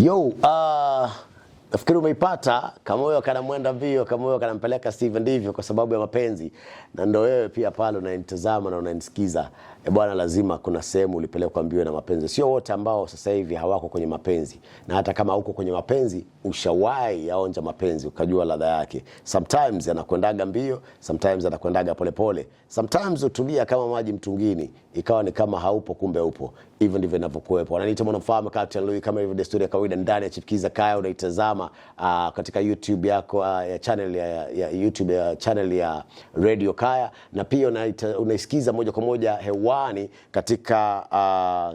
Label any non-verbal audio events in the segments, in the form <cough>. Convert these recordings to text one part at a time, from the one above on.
Yo, uh, nafikiri umeipata kama huyo akanamwenda mbio, kama huyo akanampeleka Steven, ndivyo, kwa sababu ya mapenzi, na ndio wewe pia pale unanitazama na unanisikiza e bwana, lazima kuna sehemu ulipelekwa mbio na mapenzi. Sio wote ambao sasa hivi hawako kwenye mapenzi, na hata kama uko kwenye mapenzi ushawahi yaonja mapenzi ukajua ladha yake. Sometimes yanakwendaga mbio, sometimes yanakwendaga polepole, sometimes utulia kama maji mtungini, ikawa ni kama haupo, kumbe upo. Hivyo ndivyo inavyokuwepo. Wananiita mwanamfahamu Captain Louis, kama ilivyo desturi ya kawaida ndani ya Chipukiza Kaya unaitazama uh, katika YouTube yako uh, ya channel ya, ya YouTube ya channel ya Radio Kaya na pia unaisikiza moja kwa moja hewa nyumbani katika uh,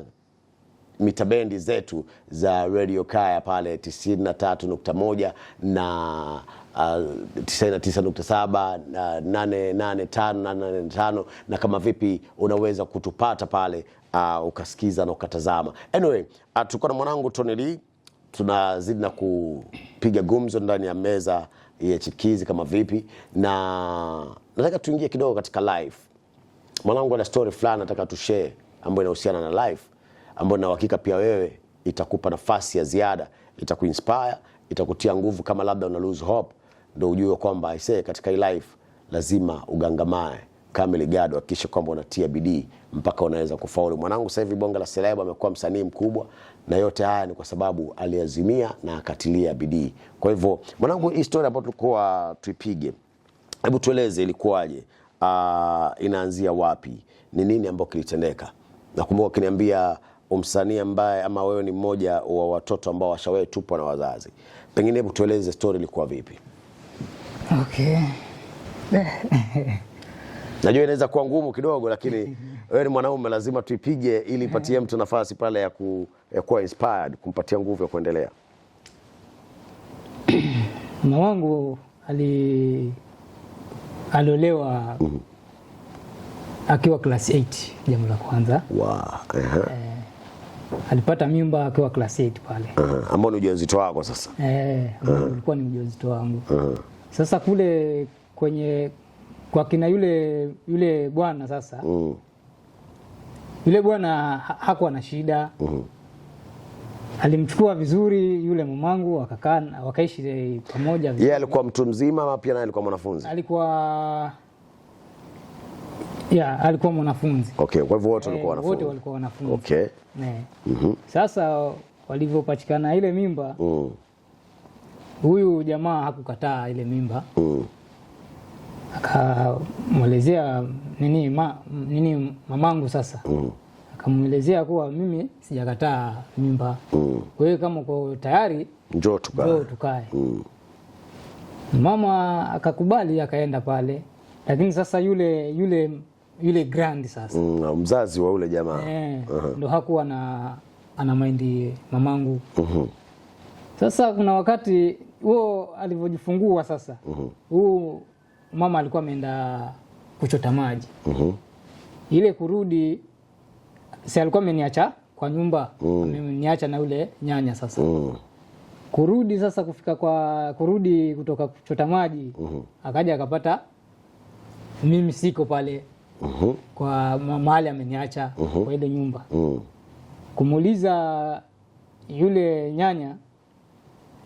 mitabendi zetu za Radio Kaya pale 93.1 na uh, 99.7 885 na kama vipi unaweza kutupata pale uh, ukasikiza na ukatazama. Anyway, uh, tulikuwa na mwanangu Tony Lee, tunazidi na kupiga gumzo ndani ya meza ya chikizi kama vipi, na nataka tuingie kidogo katika live Mwanangu ana story fulani nataka tushare ambayo inahusiana na life ambayo na uhakika pia wewe itakupa nafasi ya ziada, itakuinspire, itakutia nguvu kama labda una lose hope, ndio ujue kwamba I say katika hii life lazima ugangamae kamili gado, hakikisha kwamba unatia bidii mpaka unaweza kufaulu. Mwanangu sasa hivi bonge la seleb amekuwa msanii mkubwa, na yote haya ni kwa sababu aliazimia na akatilia bidii. Kwa hivyo mwanangu, hii story ambayo tulikuwa tuipige, hebu tueleze ilikuwaje? uh, inaanzia wapi, ni nini ambayo kilitendeka. Nakumbuka ukiniambia msanii ambaye ama wewe ni mmoja wa watoto ambao washawahi tupwa na wazazi, pengine hebu tueleze story ilikuwa vipi? Okay. <laughs> Najua inaweza kuwa ngumu kidogo, lakini <laughs> wewe ni mwanaume, lazima tuipige ili ipatie mtu nafasi pale ya, ku, ya kuwa inspired, kumpatia nguvu ya kuendelea. <clears throat> Mama wangu ali aliolewa mm -hmm. akiwa class 8, jambo la kwanza wow. uh -huh. eh, alipata mimba akiwa class 8 pale uh, ambao ni ujauzito wako sasa eh, ulikuwa uh, ni ujauzito wangu uh, sasa kule kwenye kwa kina yule yule bwana sasa mm. yule bwana hakuwa na shida mm -hmm alimchukua vizuri yule mumangu, wakakaa wakaishi eh, pamoja vizuri. Yeye alikuwa mtu mzima ama pia naye alikuwa mwanafunzi? Alikuwa ya alikuwa mwanafunzi. Okay, kwa hivyo wote eh, walikuwa wanafunzi. Wote walikuwa wanafunzi. Okay. Ne. Mm -hmm. Sasa walivyopatikana ile mimba mm. Huyu jamaa hakukataa ile mimba mm. Akamwelezea nini, ma, nini mamangu sasa mm. Kamwelezea kuwa mimi sijakataa mimba mm. hiyo kama uko tayari njoo tukae, njoo tukae. Mm. Mama akakubali akaenda pale, lakini sasa yule yule yule grand sasa mm, mzazi wa yule jamaa e, uh -huh. Ndo hakuwa na ana maindi mamangu uh mhm. -huh. Sasa kuna wakati huo alivyojifungua sasa huu mhm. uh -huh. Mama alikuwa ameenda kuchota maji uh mhm. -huh. Ile kurudi si alikuwa ameniacha kwa nyumba mm. ameniacha na yule nyanya sasa mm. kurudi sasa kufika kwa kurudi kutoka kuchota maji mm -hmm. akaja akapata mimi siko pale mm -hmm. kwa mahali ameniacha mm -hmm. kwa ile nyumba mm. kumuuliza yule nyanya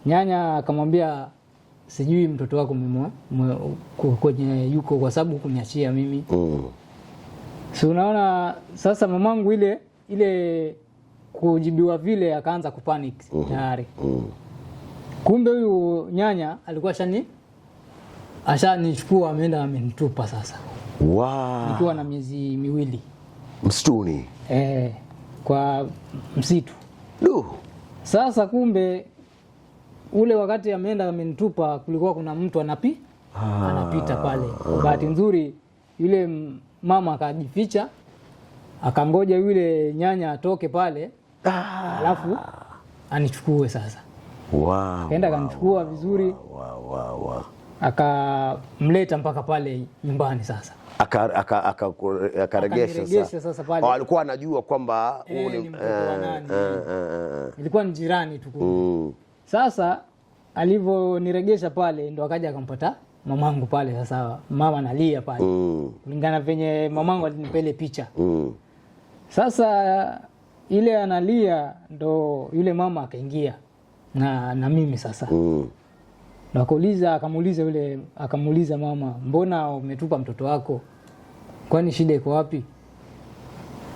nyanya akamwambia sijui mtoto wako kwenye yuko kwa sababu kuniachia mimi mm. Si unaona sasa mamangu ile ile kujibiwa vile akaanza kupanic mm-hmm. tayari. Mm. Mm. Kumbe huyu nyanya alikuwa shani ashanichukua ameenda amenitupa sasa. Wow. Nikiwa na miezi miwili msituni. Eh, kwa msitu. Du. Sasa kumbe ule wakati ameenda amenitupa, kulikuwa kuna mtu anapi ah, anapita pale. Bahati nzuri yule mama akajificha, akangoja yule nyanya atoke pale, ah. alafu anichukue sasa. Wow, akaenda akanichukua wow, vizuri wow, wow, wow. Akamleta mpaka pale nyumbani sasa akaregesha sasa pale. Oh, alikuwa anajua kwamba eh, eh, eh, ilikuwa ni jirani tu. Mm. Sasa alivyoniregesha pale ndo akaja akampata mamangu pale. Sasa mama nalia pale mm. kulingana venye mamangu alinipele picha mm. Sasa ile analia ndo yule mama akaingia na, na mimi sasa mm. ndo akauliza akamuuliza yule akamuuliza mama, mbona umetupa mtoto wako? Kwani shida iko wapi?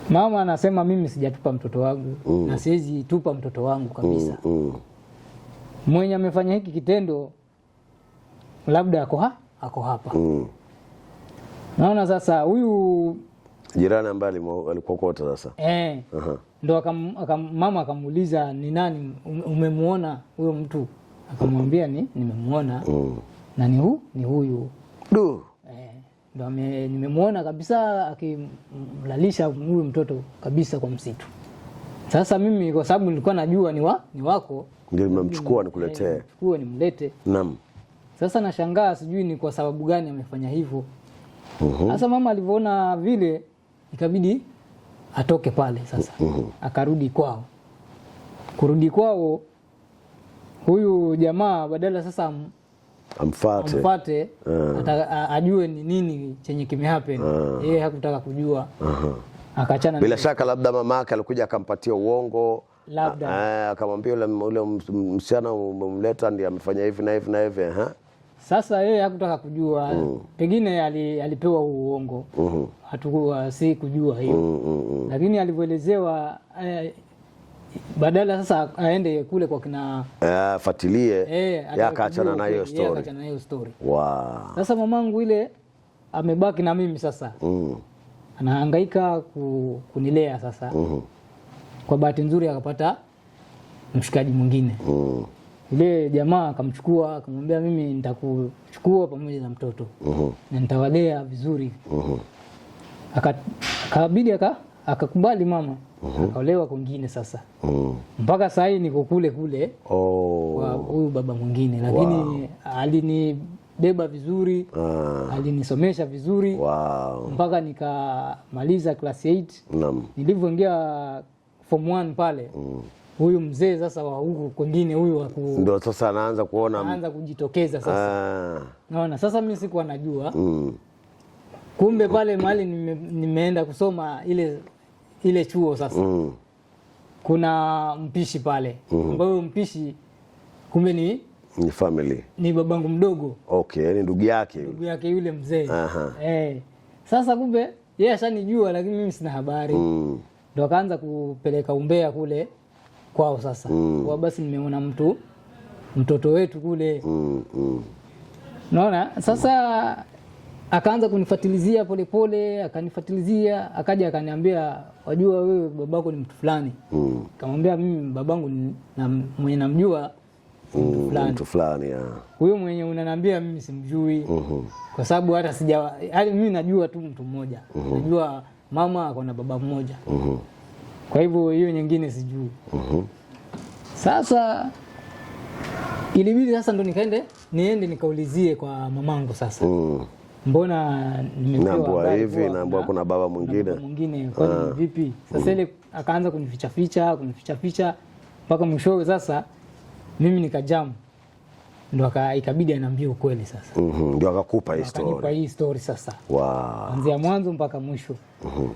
Mama anasema mimi sijatupa mtoto wangu mm. na siwezi tupa mtoto wangu kabisa mm. Mm. mwenye amefanya hiki kitendo labda ako ha ako hapa mm. Naona sasa huyu jirani ambaye kota sasa eh, uh-huh. Ndo akam, akam, mama akamuuliza ni nani um-, umemuona huyo mtu? Akamwambia ni nimemuona mm. na ni huu ni huyu du eh, ndo nimemuona kabisa akimlalisha huyu mtoto kabisa kwa msitu. Sasa mimi kwa sababu nilikuwa najua ni, wa, ni wako ndio nimemchukua nikuletee, nimchukue nimlete. Naam. Sasa nashangaa sijui ni kwa sababu gani amefanya hivyo. Mhm. Sasa mama alivyoona vile ikabidi atoke pale sasa. Uhum. Akarudi kwao. Kurudi kwao huyu jamaa badala sasa amfuate, amfuate ah. ajue ni nini chenye kimehappen. Ah. Yeye hakutaka kujua. Uhum. Akachana bila nini. Shaka labda mama yake alikuja akampatia uongo labda ah, akamwambia ule msichana umemleta ndiye amefanya hivi na hivi na hivi sasa yeye hakutaka kujua mm. Pengine alipewa uongo mm hatukuwa si kujua hiyo mm -hmm. Lakini alivyoelezewa eh, badala sasa aende kule kwa kina eh, afuatilie eh, akaachana na hiyo story, na hiyo story. Wow. Sasa mamangu ile amebaki na mimi sasa mm. Anahangaika ku, kunilea sasa mm -hmm. Kwa bahati nzuri akapata mshikaji mwingine mm ile jamaa akamchukua akamwambia, mimi nitakuchukua pamoja na mtoto na nitawalea vizuri uhum. akabidi aka akakubali mama akaolewa kwingine sasa uhum. mpaka saa hii niko kule kule oh. kwa huyu baba mwingine, lakini wow. alinibeba vizuri ah. alinisomesha vizuri wow. mpaka nikamaliza class 8 nilivyoingia form 1 pale uhum. Mm huyu mzee sasa wa huku kwingine huyu wa ku... ndio sasa anaanza kuona anaanza kujitokeza sasa. Ah. Naona sasa mimi sikuwa najua mm. Kumbe pale mahali nime, nimeenda kusoma ile ile chuo sasa mm. Kuna mpishi pale ambayo mm. Mpishi kumbe ni ni family ni babangu mdogo okay, ni ndugu yake ndugu yake yule mzee aha. eh. Sasa kumbe yeye ashanijua, lakini mimi sina habari mm. Ndo akaanza kupeleka umbea kule kwao sasa mm. kwa basi nimeona mtu mtoto wetu kule mm. Mm. naona sasa mm. akaanza kunifatilizia polepole, akanifatilizia akaja akaniambia, wajua wewe babako ni mtu fulani mm. kamwambia mimi babangu na mwenye namjua mm, mtu fulani huyo mwenye unanambia mimi simjui. mm -hmm. kwa sababu hata sija, yaani mimi najua tu mtu mmoja. mm -hmm. najua mama akona baba mmoja. mm -hmm. Kwa hivyo hiyo nyingine sijui. Uhum. Sasa ilibidi sasa ndo nikaende niende nikaulizie kwa mamangu sasa. Mm. Mbona nimepewa hivi naambua kuna baba mwingine mwingine, kwani ah. vipi sasa? Mm. Ile akaanza kunificha ficha kunificha ficha mpaka mwishowe sasa mimi nikajamu, ndo ikabidi anaambia ukweli sasa. Mhm, ndio akakupa hii story. Akanipa hii story sasa. Wow. Kuanzia mwanzo mpaka mwisho. Mhm.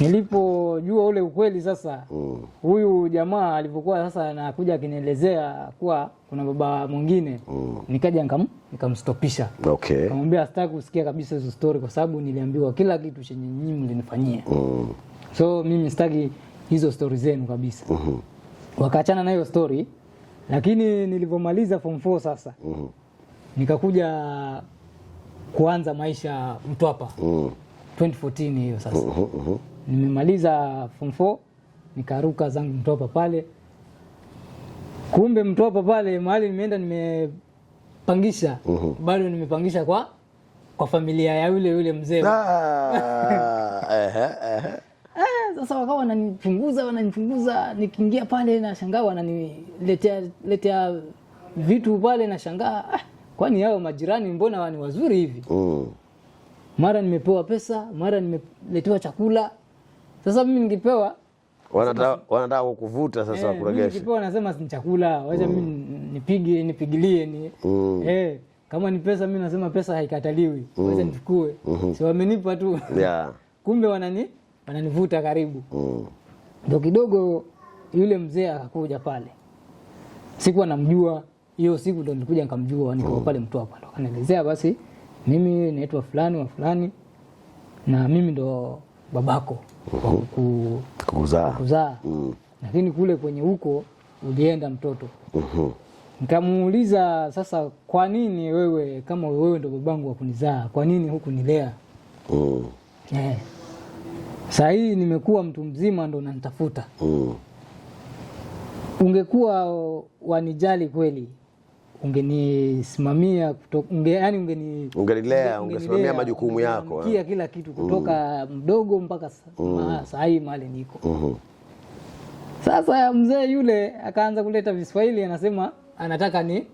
Nilipojua ule ukweli sasa, mm. huyu jamaa alivyokuwa sasa anakuja akinielezea kuwa kuna baba mwingine mm. nikaja nikamstopisha, okay. Nikamwambia sitaki kusikia kabisa hizo story, kwa sababu niliambiwa kila kitu chenye nyinyi mlinifanyia mm. so mimi sitaki hizo story zenu kabisa mm -hmm. Wakaachana na hiyo story, lakini nilivyomaliza form 4 sasa mm -hmm. nikakuja kuanza maisha Mtwapa mm. 2014 hiyo sasa mm -hmm. Nimemaliza form 4 nikaruka zangu Mtopa pale. Kumbe Mtopa pale mahali nimeenda nimepangisha uh Bado nimepangisha kwa kwa familia ya yule yule mzee ah, <laughs> eh, Sasa wakawa wananichunguza wananipunguza nikiingia pale nashangaa wananiletea letea vitu pale, nashangaa shangaa ah, kwani hao majirani mbona wani wazuri hivi? mm. mara nimepewa pesa, mara nimeletewa chakula. Sasa mimi ningepewa wanataka wanataka kukuvuta sasa eh, kuregesha. Nikipewa nasema si chakula, wacha mm. mimi nipige nipigilie ni mm. eh kama ni pesa mimi nasema pesa haikataliwi. Mm. Wacha nichukue. Mm -hmm. Si wamenipa tu. Yeah. <laughs> Kumbe wanani wananivuta karibu. Mm. Ndio kidogo yule mzee akakuja pale. Sikuwa namjua. Hiyo siku ndo nilikuja nikamjua niko mm. pale mtu ndo kanielezea basi mimi naitwa fulani wa fulani na mimi ndo babako mhm. kuzaa mm. Lakini kule kwenye huko ulienda mtoto mm -hmm. Nikamuuliza sasa, kwa nini wewe kama wewe ndo babangu wa kunizaa, kwa nini huku mm. sahii eh. saa hii nimekuwa mtu mzima ndo nantafuta mm. Ungekuwa wanijali kweli ungenisimamia unge, yani unge ungenilea ungesimamia majukumu yako eh. kia kila kitu mm. kutoka mm. mdogo mpaka mm. saa hii mahali niko mm -hmm. Sasa mzee yule akaanza kuleta viswahili, anasema anataka ni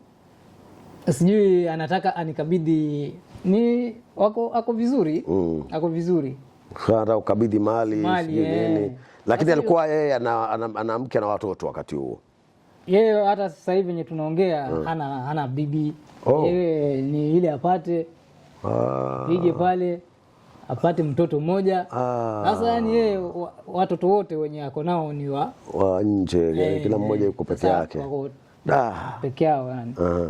sijui anataka anikabidhi ni wako ako vizuri mm. ako vizuri hata ukabidhi mali, mali sijui eh. nini, lakini alikuwa yeye ana, ana mke na watoto wakati huo yeye hata sasa hivi yenye tunaongea hmm. hana, hana bibi oh. Yeye ni ile apate ah. ije pale apate mtoto mmoja ah. sasa ah. Yani yeye watoto wote wenye ako nao ni wa wa nje e, kila mmoja eh, yuko peke yake peke yao yani ah.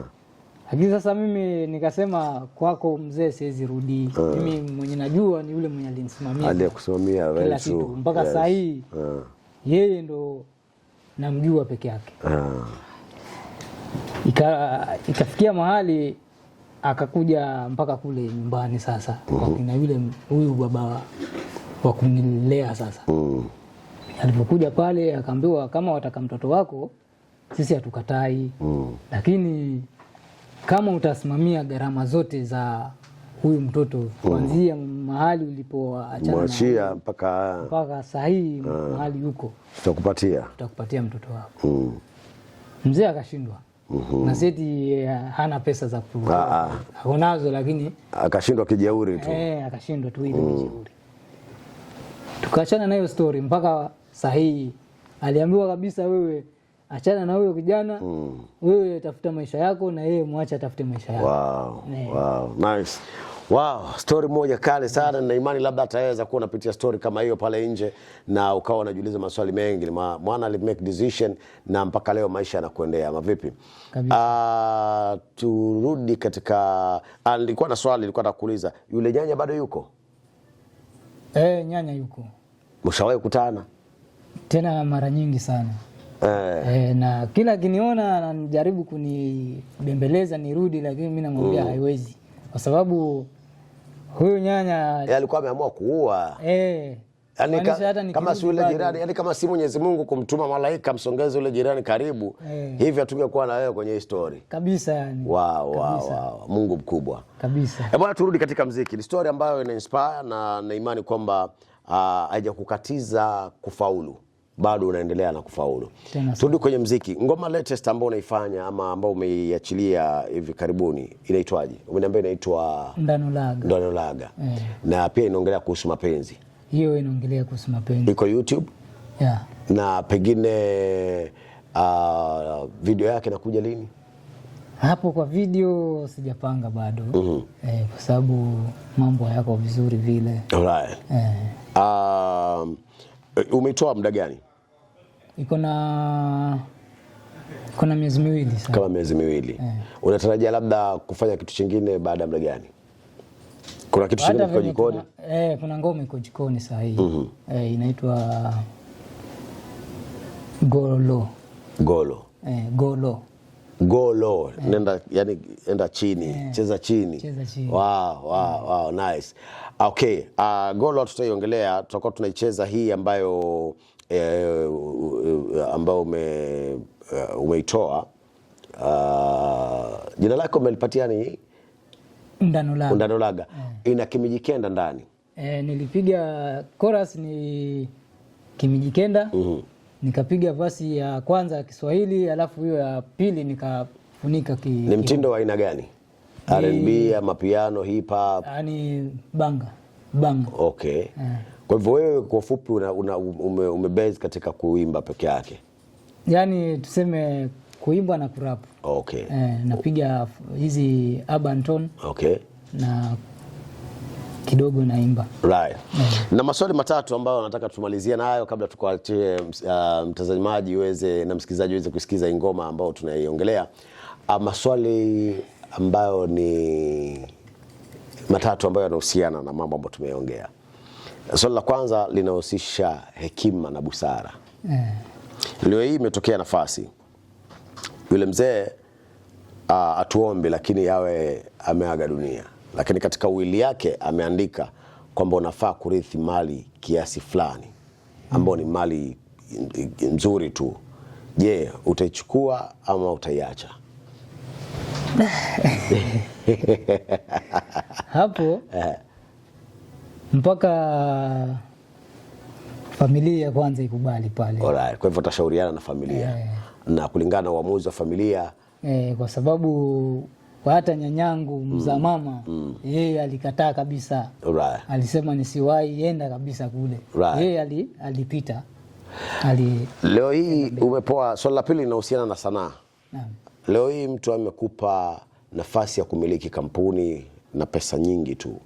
Lakini sasa mimi nikasema kwako mzee, siwezi rudi ah. Mimi mwenye najua ni yule mwenye alinisimamia, alikusimamia kila kitu mpaka yes. Saa hii ah. yeye ndo namjua peke yake ah. Ika, ikafikia mahali akakuja mpaka kule nyumbani sasa mm -hmm. Kina yule huyu baba wa kunilea sasa mm Alipokuja pale akaambiwa kama wataka mtoto wako sisi hatukatai mm Lakini kama utasimamia gharama zote za huyu mtoto hmm. kuanzia mm. mahali ulipoachana mpaka mpaka sahihi hmm. mahali huko, tutakupatia tutakupatia mtoto wako mm. Mzee akashindwa mm -hmm. na seti eh, hana pesa za ah, ah. akonazo, lakini akashindwa kijeuri tu eh, akashindwa tu ile mm. kijeuri. Tukaachana hiyo story mpaka sahihi aliambiwa kabisa, wewe achana na huyo kijana mm. wewe tafuta maisha yako na yeye mwacha atafute maisha yake. Wow. Eh. Wow. Nice. Wow, stori moja kale sana na imani labda ataweza kuwa unapitia stori kama hiyo pale nje na ukawa unajiuliza maswali mengi. Mwana ali make decision na mpaka leo maisha yanakuendea ama vipi? Uh, turudi katika ah, nilikuwa na swali nilikuwa nakuuliza, yule nyanya bado yuko? Eh, nyanya yuko. Mshawahi kukutana? Tena mara nyingi sana. Eh. E, na kila akiniona anajaribu kunibembeleza nirudi, lakini mimi namwambia mm. haiwezi kwa sababu huyu nyanya alikuwa ameamua kuua e. Eh. Yani ka, kama si yule jirani yani, kama si Mwenyezi Mungu kumtuma malaika msongeze yule jirani karibu e, eh. hivi hatungekuwa na wewe kwenye story kabisa yani. Wow, kabisa. Wow, wow. Mungu mkubwa kabisa. E bwana, turudi katika mziki. Ni story ambayo ina inspire na na imani kwamba ah, haijakukatiza kufaulu bado unaendelea na kufaulu. Turudi kwenye mziki, ngoma latest ambayo unaifanya ama ambayo umeiachilia hivi karibuni inaitwaje? Umeniambia inaitwa Ndanolaga. Ndanolaga. Yeah. Na pia inaongelea kuhusu mapenzi. Hiyo inaongelea kuhusu mapenzi. Iko YouTube? Yeah. Na pengine uh, video yake inakuja lini? Hapo kwa video sijapanga bado. mm -hmm. Eh, kwa sababu mambo hayako vizuri vile. Alright. Eh. Um, Eh, Umeitoa muda gani? Iko na kuna miezi miwili sasa. Kama miezi miwili eh. Unatarajia labda kufanya kitu chingine baada ya muda gani? Kuna kitu chingine kwa jikoni? Eh, kuna ngoma iko jikoni sasa hii mm -hmm. eh, inaitwa Golo Golo eh, Golo golo Nenda, yani, enda chini yeah. Cheza chini, cheza chini. Wow, wow, yeah. Wow, nice. Okay, uh, golo low tutaiongelea, tutakuwa tunaicheza hii ambayo eh, ambayo ume, uh, umeitoa uh, jina lako umelipatia ni Ndanolaga, Ndanolaga. Yeah. Ina Kimijikenda ndani eh, nilipiga chorus ni Kimijikenda mm -hmm nikapiga vasi ya kwanza ya Kiswahili alafu hiyo ya pili nikafunika ki, ni mtindo wa aina gani? R&B ama piano, hip hop? Yani ah, banga banga. Okay. Yeah. Kwa hivyo wewe kwa fupi ume, base katika kuimba peke yake, yaani tuseme kuimba na kurap. Okay. Eh, napiga hizi urban tone. Okay. na kidogo naimba right. Na maswali matatu ambayo nataka tumalizie nayo kabla tukuachie uh, mtazamaji uweze na msikilizaji uweze kusikiza ingoma ambayo tunaiongelea. Uh, maswali ambayo ni matatu ambayo yanahusiana na mambo ambayo tumeongea. Swali la kwanza linahusisha hekima na busara yeah. Leo hii imetokea nafasi yule mzee uh, atuombe lakini yawe ameaga dunia lakini katika wili yake ameandika kwamba unafaa kurithi mali kiasi fulani ambayo ni mali nzuri tu. Je, utaichukua ama utaiacha? <laughs> hapo mpaka familia kwanza ikubali pale. Alright, kwa hivyo utashauriana na familia eh. na kulingana na uamuzi wa familia eh, kwa sababu kwa hata nyanyangu mzamama mm. mm. yeye alikataa kabisa right. Alisema nisiwahi yenda kabisa kule right. Yeye ali, alipita ali... Leo hii umepoa. Swali la pili linahusiana na sanaa. Leo hii mtu amekupa nafasi ya kumiliki kampuni na pesa nyingi tu,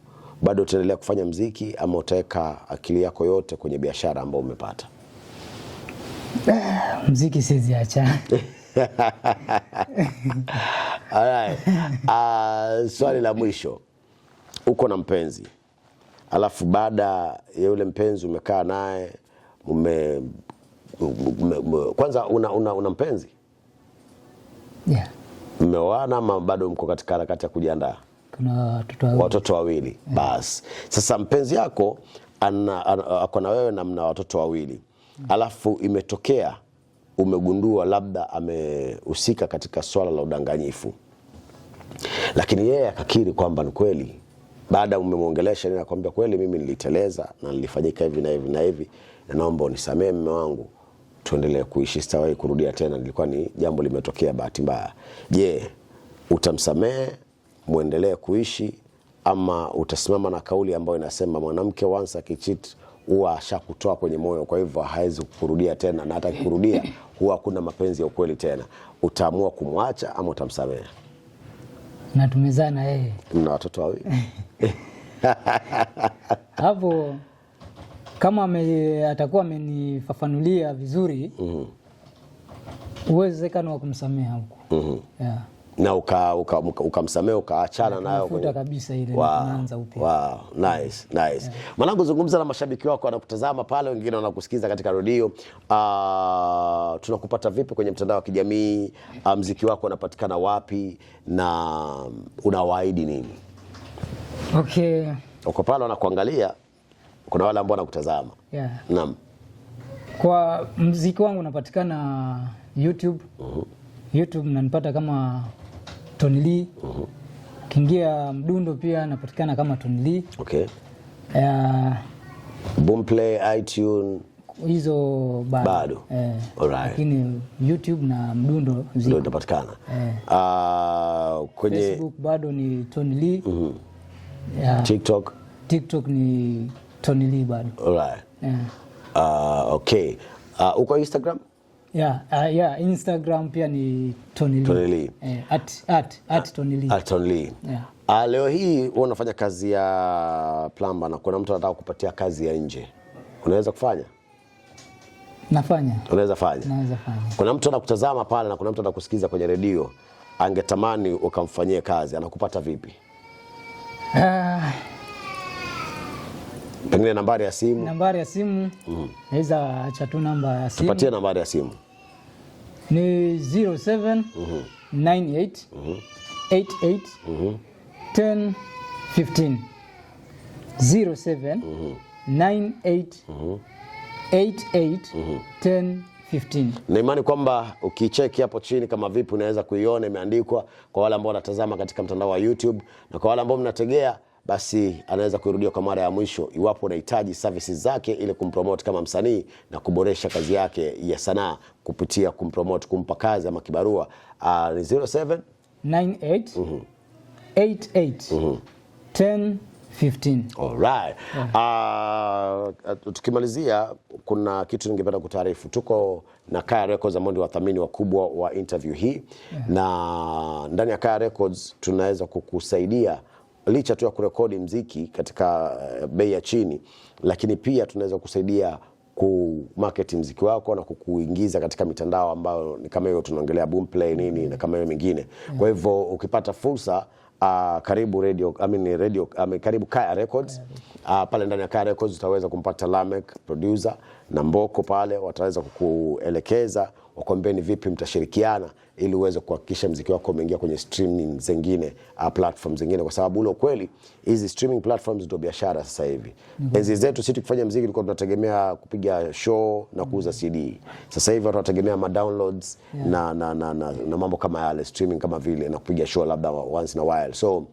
bado utaendelea kufanya mziki ama utaweka akili yako yote kwenye biashara ambayo umepata? Ah, mziki siziacha <laughs> <laughs> Alright. Uh, ah, swali la mwisho, uko na mpenzi alafu baada ya yule mpenzi umekaa naye mume, kwanza una, una, una mpenzi yeah. Mmeoana ama bado mko katika harakati ya kujiandaa? Kuna watoto wawili yeah. Basi sasa mpenzi yako ako na wewe na mna watoto wawili mm. alafu imetokea umegundua labda amehusika katika swala la udanganyifu, lakini yeye akakiri kwamba ni kweli, baada umemwongelesha nini, akwambia kweli, mimi niliteleza na nilifanyika hivi na hivi na hivi, na naomba unisamee mume wangu, tuendelee kuishi, sitawahi kurudia tena, nilikuwa ni jambo limetokea bahati mbaya. Je, utamsamehe mwendelee kuishi ama utasimama na kauli ambayo inasema mwanamke once akicheat huwa ashakutoa kwenye moyo, kwa hivyo hawezi kurudia tena, na hata kurudia huwa hakuna mapenzi ya ukweli tena. Utaamua kumwacha ama utamsamehe. Na tumezaa na yeye, mna watoto wawili <laughs> hapo. Kama me, atakuwa amenifafanulia vizuri mhm. uwezekano mm -hmm. wa kumsamehe huko mm -hmm. yeah na ukamsamehe uka, uka, uka ukaachana nayo kabisa ile upya. Wow, nice, nice. Yeah. Mwanangu, zungumza na mashabiki wako wanakutazama pale, wengine wanakusikiza katika redio. Uh, tunakupata vipi kwenye mtandao wa kijamii? Uh, mziki wako unapatikana wapi na unawaahidi nini? Okay. Uko pale wanakuangalia, kuna wale ambao wanakutazama. Yeah. Naam. Kwa mziki wangu unapatikana YouTube. Uh mhm. -huh. YouTube nanipata kama Tony Lee. mm -hmm. Kingia Mdundo pia anapatikana kama Tony Lee. Okay. Uh, Boomplay, iTunes hizo bado, bado. Eh, all right. Lakini YouTube na Mdundo ndio itapatikana eh. Uh, kwenye Facebook bado ni Tony Lee. mm -hmm. Yeah. TikTok TikTok ni Tony Lee bado All right. Yeah. Eh. Uh, okay. Uh, uko Instagram? Yeah, uh, yeah, Instagram pia ni Uh, leo hii wewe unafanya kazi ya plamba na kuna mtu anataka kupatia kazi ya nje. Unaweza kufanya? Nafanya. Unaweza fanya? Naweza fanya. Kuna mtu anakutazama pale na kuna mtu anakusikiza kwenye redio, angetamani ukamfanyie kazi, anakupata vipi? Ah, pengine nambari ya simu, nambari ya simu mm. naweza acha tu namba ya simu, tupatie nambari ya simu ni 07 mm -hmm. 98 mm -hmm. 88 10 15 07 98 88 10 15. Na imani kwamba ukicheki hapo chini kama vipi unaweza kuiona imeandikwa kwa wale ambao wanatazama katika mtandao wa YouTube na kwa wale ambao mnategea basi anaweza kuirudia kwa mara ya mwisho iwapo unahitaji services zake ili kumpromote kama msanii na kuboresha kazi yake ya sanaa kupitia kumpromote, kumpa kazi ama kibarua. Uh, 07 98 88 10 15. All right. Uh, tukimalizia kuna kitu ningependa kutaarifu. Tuko na Kaya Records ambao ndio wathamini wakubwa wa interview hii yeah. Na ndani ya Kaya Records tunaweza kukusaidia licha tu ya kurekodi mziki katika eh, bei ya chini, lakini pia tunaweza kusaidia kumarket mziki wako na kukuingiza katika mitandao ambayo ni kama hiyo tunaongelea Boomplay nini na kama hiyo mingine. Kwa hivyo ukipata fursa Uh, karibu radio, I mean radio, I mean karibu Kaya Records uh, pale ndani ya Kaya Records utaweza kumpata Lamek producer na Mboko pale wataweza kukuelekeza wakuambieni vipi mtashirikiana ili uweze kuhakikisha mziki wako umeingia kwenye streaming zingine, uh, platform zingine, kwa sababu ule ukweli, hizi streaming platforms ndio biashara sasa hivi. mm -hmm. Enzi zetu sisi tukifanya mziki tulikuwa tunategemea kupiga show na kuuza mhm. CD. Sasa hivi watu wanategemea ma downloads yeah. na, na, na, na, na mambo kama yale streaming kama vile na kupiga show labda once in a while. So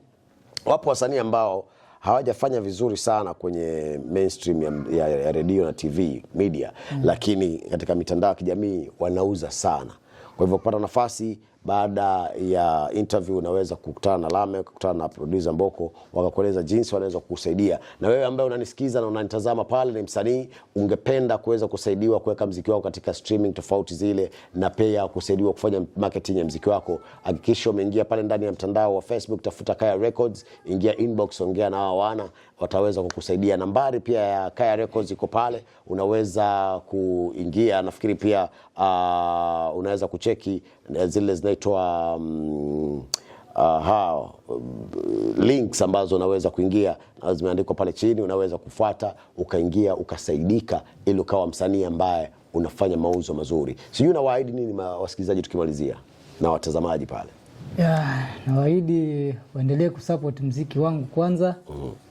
wapo wasanii ambao hawajafanya vizuri sana kwenye mainstream ya, ya, ya redio na TV media mm. Lakini katika mitandao ya kijamii wanauza sana, kwa hivyo kupata nafasi baada ya interview unaweza kukutana na Lame, kukutana na producer Mboko, wakakueleza jinsi wanaweza kukusaidia. Na wewe ambaye unanisikiza na unanitazama pale, ni msanii, ungependa kuweza kusaidiwa kuweka mziki wako katika streaming tofauti zile, na pia kusaidiwa kufanya marketing ya mziki wako, hakikisha umeingia pale ndani ya mtandao wa Facebook, tafuta Kaya Records, ingia inbox, ongea na hao wana wataweza kukusaidia. Nambari pia ya Kaya Records iko pale, unaweza kuingia. Nafikiri pia uh, unaweza kucheki zile zinaitwa um, Uh, links ambazo unaweza kuingia zimeandikwa pale chini, unaweza kufuata ukaingia ukasaidika, ili ukawa msanii ambaye unafanya mauzo mazuri. Sijui nawaahidi nini wasikilizaji tukimalizia na watazamaji pale? Yeah, nawaahidi waendelee kusupport mziki wangu kwanza. mm -hmm.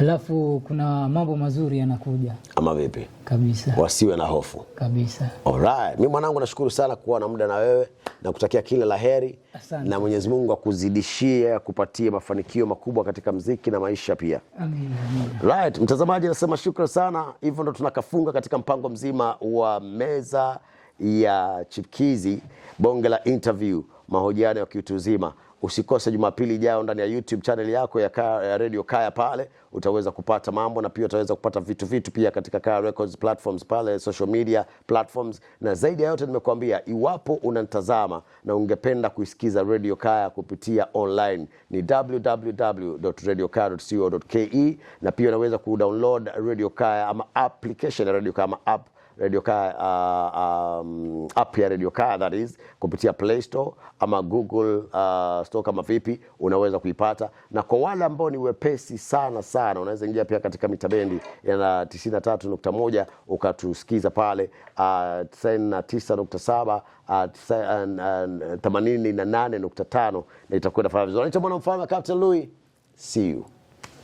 Alafu kuna mambo mazuri yanakuja, ama vipi? Kabisa, wasiwe na hofu kabisa. Alright, mimi mwanangu, nashukuru sana kuwa na muda na wewe na kutakia kila la heri, na Mwenyezi Mungu akuzidishie akupatie mafanikio makubwa katika mziki na maisha pia. Amina, amina. Right, mtazamaji, nasema shukrani sana. Hivyo ndo tunakafunga katika mpango mzima wa meza ya Chipkizi, bonge la interview, mahojiano ya kiutu uzima. Usikose Jumapili ijayo ndani ya YouTube channel yako ya, Kaya, ya Radio Kaya pale utaweza kupata mambo na pia utaweza kupata vitu vitu pia katika Kaya Records platforms pale social media platforms, na zaidi ya yote nimekuambia, iwapo unanitazama na ungependa kuisikiza Radio Kaya kupitia online ni www.radiokaya.co.ke, na pia unaweza kudownload Radio Kaya ama application ya Radio Kaya ama app Radio Kaya, uh, um, app ya Radio Kaya that is kupitia Play Store ama Google uh, Store kama vipi unaweza kuipata, na kwa wale ambao ni wepesi sana sana, unaweza ingia pia katika mitabendi ya 93.1 ukatusikiza pale 99.7 uh, 88.5 na itakuwa inafanya vizuri. Naitwa mwanamfalme mfalme Captain Louis, see you.